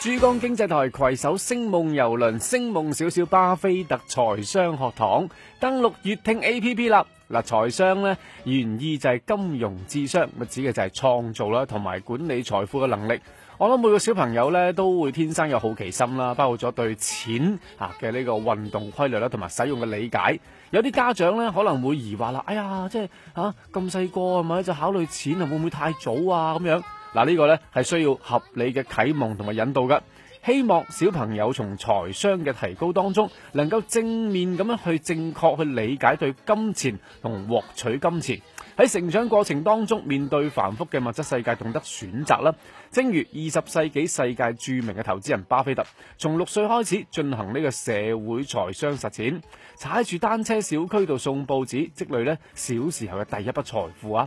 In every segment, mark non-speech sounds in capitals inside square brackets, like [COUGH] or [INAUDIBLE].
珠江經濟台攜手星夢遊輪、星夢小小巴菲特財商學堂，登錄粵聽 A P P 啦。嗱，財商呢，原意就係金融智商，咪指嘅就係創造啦，同埋管理財富嘅能力。我諗每個小朋友呢，都會天生有好奇心啦，包括咗對錢啊嘅呢個運動規律啦，同埋使用嘅理解。有啲家長呢，可能會疑惑啦，哎呀，即係吓咁細個係咪就考慮錢會唔會太早啊？咁樣。嗱，呢個呢係需要合理嘅啟蒙同埋引導㗎。希望小朋友從財商嘅提高當中，能夠正面咁樣去正確去理解對金錢同獲取金錢喺成長過程當中面對繁複嘅物質世界，懂得選擇啦。正如二十世紀世界著名嘅投資人巴菲特，從六歲開始進行呢個社會財商實踐，踩住單車小區度送報紙，積累呢小時候嘅第一筆財富啊！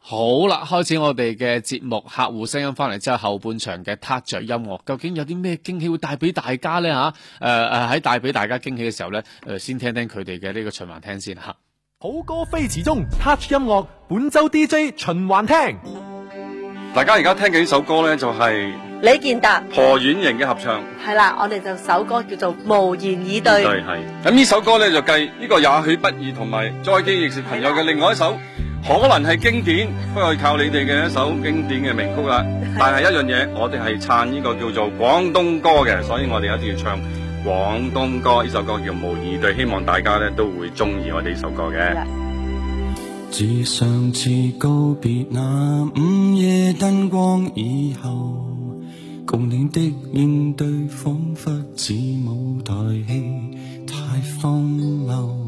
好啦，開始我哋嘅節目，客戶聲音翻嚟之後，後半場嘅 Touch 音樂，究竟有啲咩驚喜會帶俾大家咧吓？誒、呃、誒，喺、呃、帶俾大家驚喜嘅時候咧，誒、呃，先聽聽佢哋嘅呢個循環聽先吓、啊。好歌飛馳中 Touch 音樂本周 DJ 循環聽，大家而家聽緊呢首歌咧，就係李健達何婉瑩嘅合唱。係啦，我哋就首歌叫做《無言以對》以對。係咁呢首歌咧，就繼呢個「也許不易」同埋再見亦是朋友嘅另外一首。可能係經典，不過係靠你哋嘅一首經典嘅名曲啦。但係一樣嘢，我哋係撐呢個叫做廣東歌嘅，所以我哋一定要唱廣東歌，呢首歌叫《無二對》，希望大家咧都會中意我哋呢首歌嘅。Yeah. 自上次告別那、啊、午夜燈光以後，共你的面對仿佛似舞台戲太荒謬。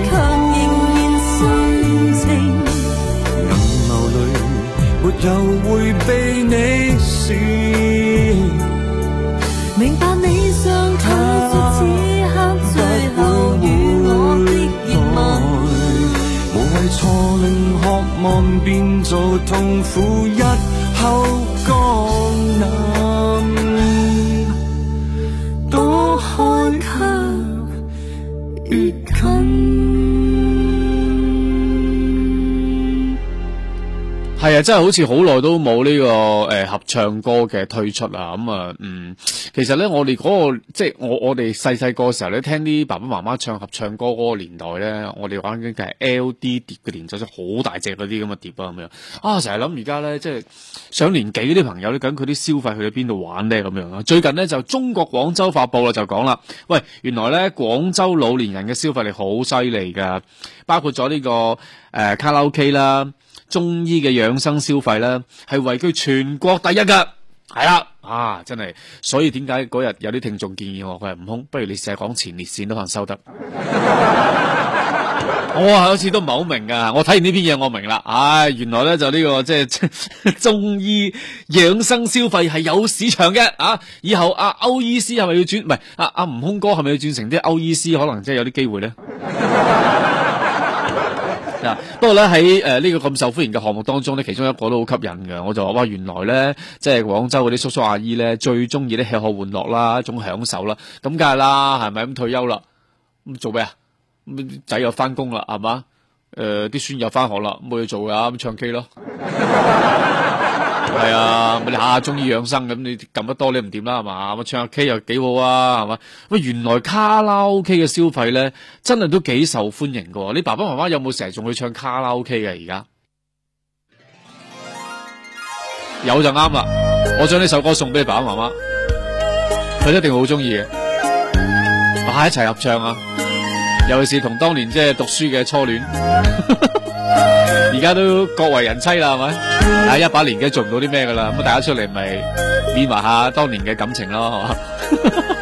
真係好似好耐都冇呢個誒合唱歌嘅推出啊，咁啊，嗯。其實咧，我哋嗰、那個即係我我哋細細個時候咧，聽啲爸爸媽媽唱合唱歌嗰個年代咧，我哋玩緊嘅係 L D 碟嘅年代，就好大隻嗰啲咁嘅碟啊咁樣。啊，成日諗而家咧，即係上年紀嗰啲朋友咧，咁佢啲消費去到邊度玩咧咁樣啊？最近呢，就中國廣州發佈啦，就講啦，喂，原來咧廣州老年人嘅消費力好犀利噶，包括咗呢、這個誒、呃、卡拉 O、OK、K 啦、中醫嘅養生消費啦，係位居全國第一噶。係啦，啊，真係，所以點解嗰日有啲聽眾建議我，佢話悟空，不如你成日講前列腺都可能收得，我好似都唔係好明㗎。我睇完呢篇嘢，我明啦，唉、啊，原來咧就呢、這個即係、就是、中醫養生消費係有市場嘅啊！以後啊 oec 係咪要轉，唔係阿阿悟空哥係咪要轉成啲 oec 可能即係有啲機會咧。 [LAUGHS] Yeah, 不過咧喺誒呢個咁、呃、受歡迎嘅項目當中咧，其中一個都好吸引嘅，我就話哇原來咧即係廣州嗰啲叔叔阿姨咧最中意咧吃喝玩樂啦，一種享受啦，咁梗係啦，係咪咁退休啦？咁做咩、呃、啊？咁仔又翻工啦，係嘛？誒，啲孫又翻學啦，冇嘢做㗎，咁唱 K 咯。 [LAUGHS] 係啊，咪下下中意養生咁，你撳得多你唔掂啦，係嘛？咁唱下 K 又幾好啊，係嘛？咁原來卡拉 OK 嘅消費咧，真係都幾受歡迎噶。你爸爸媽媽有冇成日仲去唱卡拉 OK 嘅？而家有就啱啦，我將呢首歌送俾你爸爸媽媽，佢一定好中意嘅，大家一齊合唱啊！尤其是同當年即係讀書嘅初戀，而 [LAUGHS] 家都各為人妻啦，係咪？啊，一把年紀做唔到啲咩噶啦，咁大家出嚟咪緬懷下當年嘅感情咯，係嘛？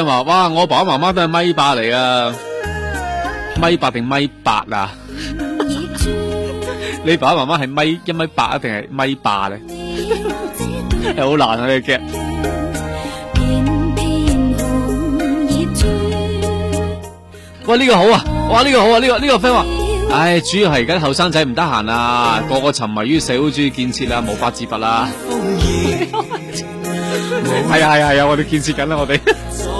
話，哇！我爸爸媽媽都係米八嚟啊，米八定米八啊？你爸爸媽媽係米一米八一定係米八咧？好 [LAUGHS] 難啊！你嘅。喂，呢個好啊！哇，呢、這個好啊！呢、這個呢、這個，friend 話，唉、 [LAUGHS] 哎，主要係而家啲後生仔唔得閒啊，個個沉迷於社會主義建設啦，無法自拔啦。係 [LAUGHS] 啊係啊係啊！我哋建設緊啦，我哋。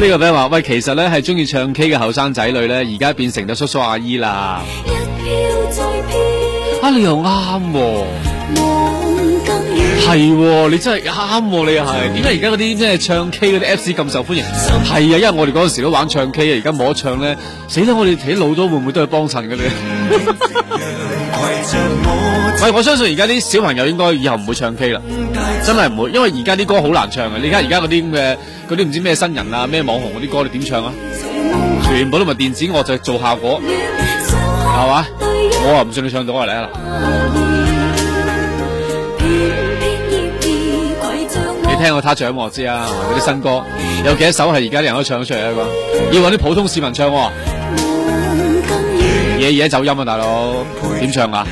呢個俾人話喂，其實咧係中意唱 K 嘅後生仔女咧，而家變成咗叔叔阿姨啦。一票啊，你又啱喎、啊，係喎、 [LAUGHS] 啊，你真係啱喎，你又係。點解而家嗰啲咩唱 K 嗰啲 Apps 咁受歡迎？係想啊，因為我哋嗰陣時都玩唱 K 啊，而家冇得唱咧，死得我哋睇老咗會唔會都係幫襯嘅你.？ [LAUGHS] [LAUGHS] 喂，我相信而家啲小朋友應該以後唔會唱 K 啦，真係唔會，因為而家啲歌好難唱嘅。你睇而家嗰啲咁嘅，嗰啲唔知咩新人啊，咩網紅嗰啲歌，你點唱啊？全部都係電子樂，就做效果，係嘛？我啊唔信你唱到啊，嚟啦！嗯、你聽過他唱我知道啊，嗰啲新歌有幾多首係而家啲人可以唱得出嘅？要搵啲普通市民唱喎、啊。夜夜走音啊，大佬，點唱啊？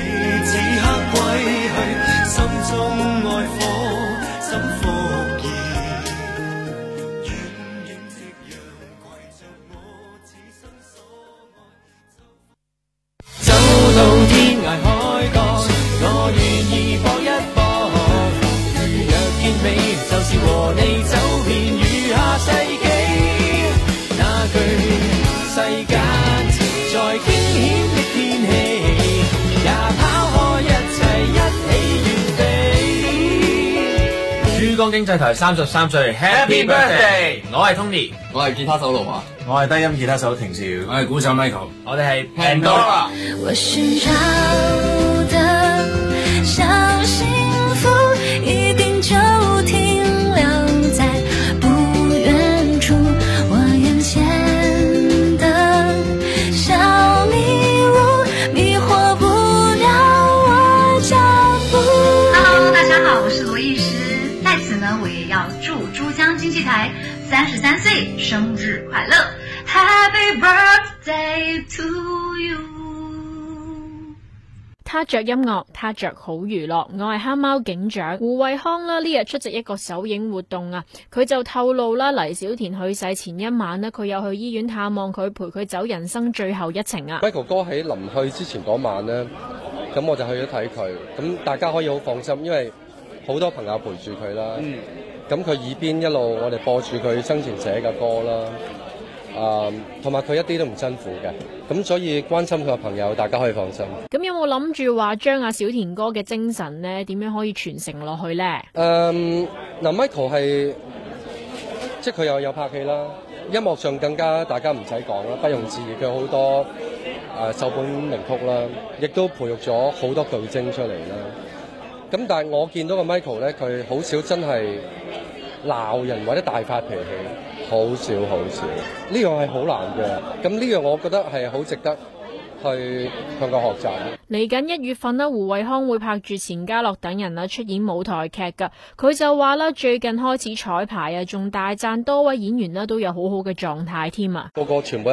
經濟台三十三歲 Happy Birthday，我係 Tony，我係吉他手盧華，我係低音吉他手庭少，我係鼓手 Michael，我哋係平多。我三十三歲生日快樂，Happy birthday to you！他着音樂，他着好娛樂，我係黑貓警長胡衛康啦。呢日出席一個首映活動啊，佢就透露啦，黎小田去世前一晚呢，佢又去醫院探望佢，陪佢走人生最後一程啊。Michael 哥喺臨去之前嗰晚呢，咁我就去咗睇佢，咁大家可以好放心，因為好多朋友陪住佢啦。嗯咁佢耳邊一路我哋播住佢生前寫嘅歌啦，啊、嗯，同埋佢一啲都唔辛苦嘅，咁所以關心佢嘅朋友大家可以放心。咁有冇諗住話將阿小田哥嘅精神咧，點樣可以傳承落去咧？誒、嗯，嗱，Michael 係即係佢又有拍戲啦，音樂上更加大家唔使講啦，不容置疑，佢好多誒、呃、首本名曲啦，亦都培育咗好多巨星出嚟啦。咁但係我見到個 Michael 咧，佢好少真係鬧人或者大發脾氣，好少好少。呢樣係好難嘅，咁呢樣我覺得係好值得。去香港學習。嚟緊一月份咧，胡渭康會拍住錢嘉樂等人啦出演舞台劇噶。佢就話啦，最近開始彩排啊，仲大讚多位演員啦都有好好嘅狀態添啊。個個全部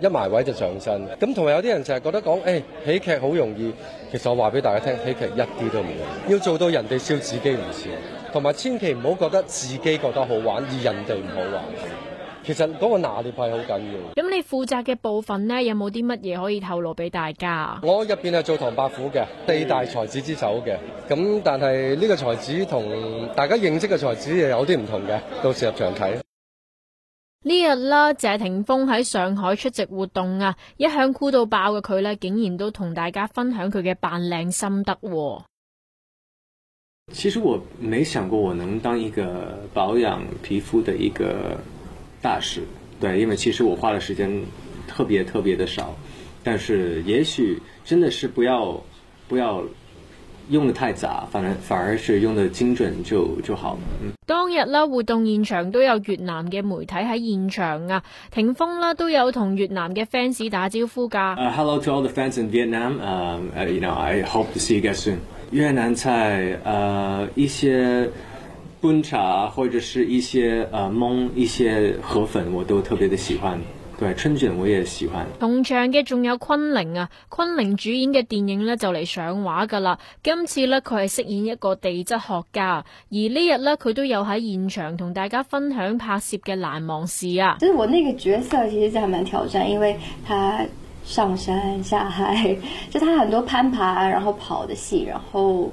一一埋位就上身。咁同埋有啲人成日覺得講，誒、欸、喜劇好容易。其實我話俾大家聽，喜劇一啲都唔容易。要做到人哋笑自己唔笑，同埋千祈唔好覺得自己覺得好玩而人哋唔好玩。其實嗰個拿捏係好緊要的。咁你負責嘅部分呢，有冇啲乜嘢可以透露俾大家？我入邊係做唐伯虎嘅四大才子之首嘅，咁但係呢個才子同大家認識嘅才子又有啲唔同嘅，到時入場睇。呢日啦，謝霆鋒喺上海出席活動啊，一向酷到爆嘅佢呢，竟然都同大家分享佢嘅扮靚心得。其實我沒想過我能當一個保養皮膚的一個。大事，對，因為其實我花嘅時間特別特別的少，但是也許真的是不要不要用得太雜，反而反而是用得精準就就好。當日啦，活動現場都有越南嘅媒體喺現場啊，霆鋒啦都有同越南嘅 fans 打招呼㗎。Uh, hello to all the fans in Vietnam. Um,、uh, you know, I hope to see you guys soon. 越南菜呃、uh, 一些。觀察或者是一些呃蒙、一些河粉我都特別的喜歡，對春卷我也喜歡。同場嘅仲有昆凌啊，昆凌主演嘅電影呢就嚟上畫㗎喇。今次呢，佢係飾演一個地質學家，而呢日呢，佢都有喺現場同大家分享拍攝嘅難忘事啊。即係我那個角色其實真係蠻挑戰，因為他上山下海，就他很多攀爬然後跑的戲，然後。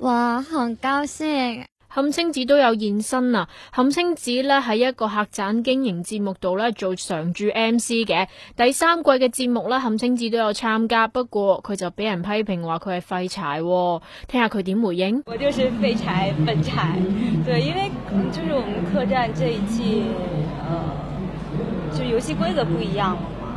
哇！好高興，闞清子都有現身啊！闞清子咧喺一個客棧經營節目度咧做常駐 MC 嘅，第三季嘅節目啦，闞清子都有參加，不過佢就俾人批評話佢係廢柴，聽下佢點回應。我就是廢柴笨柴，對，因為就是我們客棧這一季，呃，就遊戲規則不一樣。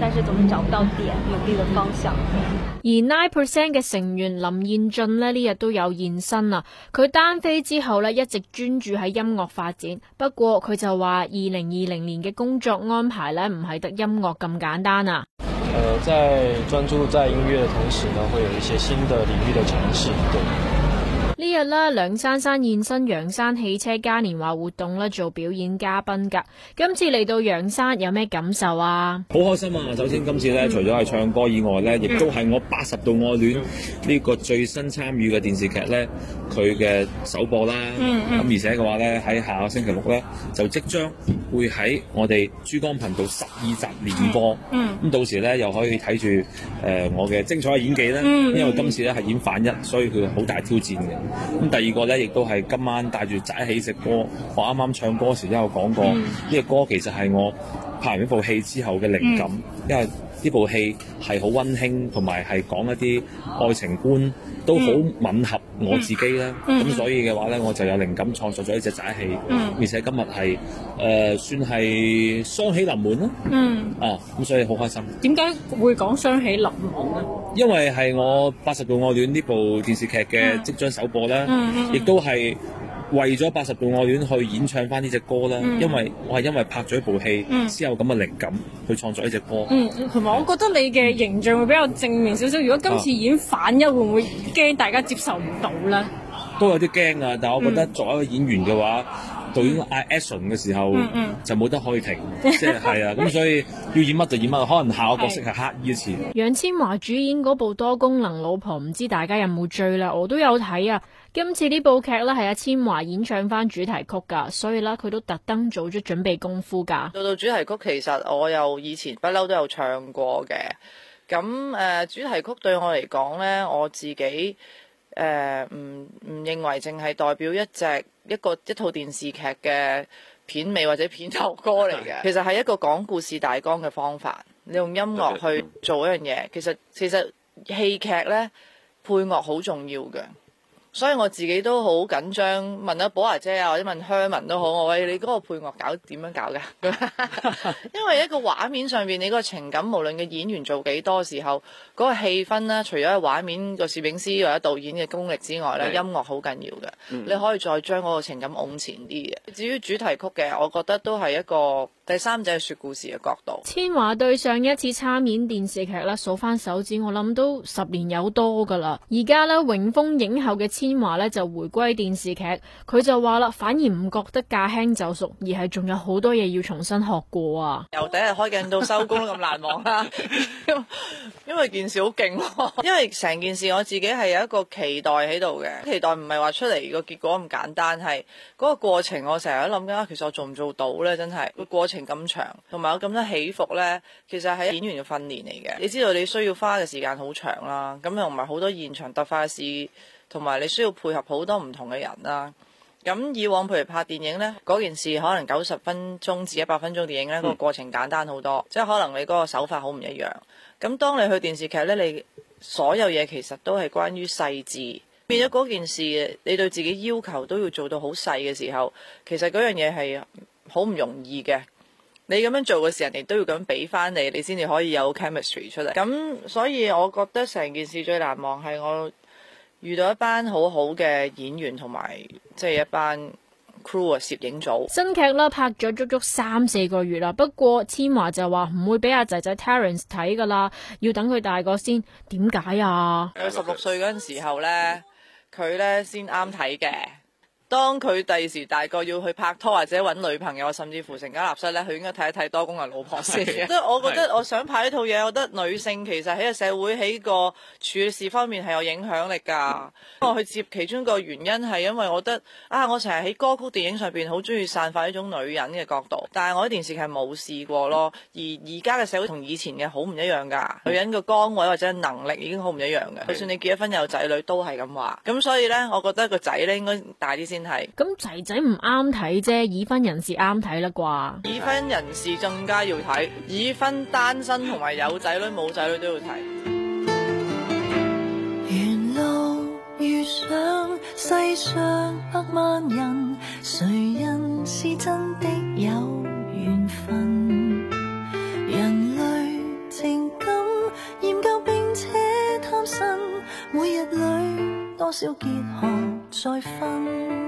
但是總是找不到點努力的方向。而 nine percent 嘅成員林彥俊呢，呢日都有現身啦，啊。佢單飛之後呢，一直專注喺音樂發展，不過佢就話二零二零年嘅工作安排呢，唔係得音樂咁簡單啊。誒、呃，在專注在音樂嘅同時呢，會有一些新嘅領域嘅嘗試，試。對。這日呢日啦，梁珊珊現身陽山汽車嘉年華活動啦，做表演嘉賓噶。今次嚟到陽山有咩感受啊？好開心啊！首先今次咧，嗯、除咗係唱歌以外咧，亦都係我八十度愛戀呢個最新參與嘅電視劇咧，佢嘅首播啦。咁、嗯嗯、而且嘅話咧，喺下個星期六咧，就即將會喺我哋珠江頻道十二集連播。嗯。咁到時咧，又可以睇住誒我嘅精彩嘅演技咧，嗯嗯、因為今次咧係演反一，所以佢好大挑戰嘅。咁第二個呢，亦都係今晚帶住仔起食歌。我啱啱唱歌時都有講過，呢個、嗯、歌其實係我拍完一部戲之後嘅靈感，嗯、因為，呢部戲係好溫馨，同埋係講一啲愛情觀，都好吻合我自己咧。咁所以嘅話咧，我就有靈感創作咗呢隻仔戲，而且今日係誒算係雙喜臨門啦。啊，咁所以好開心。點解會講雙喜臨門咧？因為係我《八十度愛戀》呢部電視劇嘅即將首播啦，亦都係。為咗八十度愛戀去演唱翻呢隻歌啦，因為我係因為拍咗一部戲先有咁嘅靈感去創作呢隻歌。嗯，同埋我覺得你嘅形象會比較正面少少。如果今次演反一，會唔會驚大家接受唔到咧？都有啲驚啊！但係我覺得作為一個演員嘅話，導演嗌 Action 嘅時候就冇得可以停，即係係啊。咁所以要演乜就演乜，可能下個角色係黑衣一次。楊千嬅主演嗰部多功能老婆唔知大家有冇追啦？我都有睇啊。今次呢部劇咧係阿千嬅，演唱翻主題曲噶所以咧佢都特登做咗準備功夫噶。做到主題曲，其實我又以前不嬲都有唱過嘅。咁誒、呃，主題曲對我嚟講呢，我自己誒唔唔認為淨係代表一隻一個一套電視劇嘅片尾或者片頭歌嚟嘅。 [LAUGHS] 其實係一個講故事大綱嘅方法，你用音樂去做一樣嘢。其實其實戲劇咧配樂好重要嘅。所以我自己都好緊張，問阿寶華姐啊，或者問香文都好，我話你嗰個配樂搞點樣搞㗎？ [LAUGHS] 因為一個畫面上面，你個情感，無論嘅演員做幾多少時候，嗰、那個氣氛呢，除咗畫面個攝影師或者導演嘅功力之外呢，的音樂好緊要嘅。嗯、你可以再將嗰個情感往前啲嘅。至於主題曲嘅，我覺得都係一個第三者説故事嘅角度。千華對上一次參演電視劇啦，數翻手指，我諗都十年有多噶啦。而家呢，榮豐影后嘅千嬅咧就回歸電視劇，佢就話啦，反而唔覺得駕輕就熟，而係仲有好多嘢要重新學過啊！由第一日開鏡到收工都咁難忘啦， [LAUGHS] 因為件事好勁， [LAUGHS] 因為成件事我自己係有一個期待喺度嘅，期待唔係話出嚟個結果咁簡單，係嗰個過程我成日都諗緊，其實我做唔做到咧？真係個過程咁長，同埋有咁多起伏咧，其實係演員嘅訓練嚟嘅。你知道你需要花嘅時間好長啦，咁同埋好多現場突發的事。同埋你需要配合好多唔同嘅人啦、啊。咁以往譬如拍電影呢，嗰件事可能九十分鐘至一百分鐘電影呢個、嗯、過程簡單好多。即係可能你嗰個手法好唔一樣。咁當你去電視劇咧，你所有嘢其實都係關於細致。變咗嗰件事，你對自己要求都要做到好細嘅時候，其實嗰樣嘢係好唔容易嘅。你咁樣做嘅時候，人哋都要咁樣俾翻你，你先至可以有 chemistry 出嚟。咁所以我覺得成件事最難忘係我。遇到一班好好嘅演員同埋，即係一班 crew 嘅攝影組新劇啦，拍咗足足三四個月啦。不過千嬅就話唔會俾阿仔仔 Terence 睇噶啦，要等佢大個先。點解啊？佢十六歲嗰陣時候呢，佢呢先啱睇嘅。當佢第時大個要去拍拖或者揾女朋友，甚至乎成家立室呢，佢應該睇一睇多功能老婆先。即係是我覺得，我想拍呢套嘢，是我覺得女性其實喺個社會喺個處事方面係有影響力噶。是我去接其中一個原因係因為我覺得啊，我成日喺歌曲、電影上邊好中意散發呢種女人嘅角度，但係我喺電視劇係冇試過咯。而而家嘅社會同以前嘅好唔一樣噶，女人嘅崗位或者能力已經好唔一樣嘅。是就算你結咗婚有仔女都係咁話。咁所以呢，我覺得個仔呢應該大啲先。咁仔仔唔啱睇啫，是已婚人士啱睇啦啩，已婚人士更加要睇，已婚單身同埋有仔女冇仔 [LAUGHS] 女都要睇。沿路遇上世上百萬人，誰人是真的有緣分？人類情感，厭舊並且貪新，每日裏多少結合再分。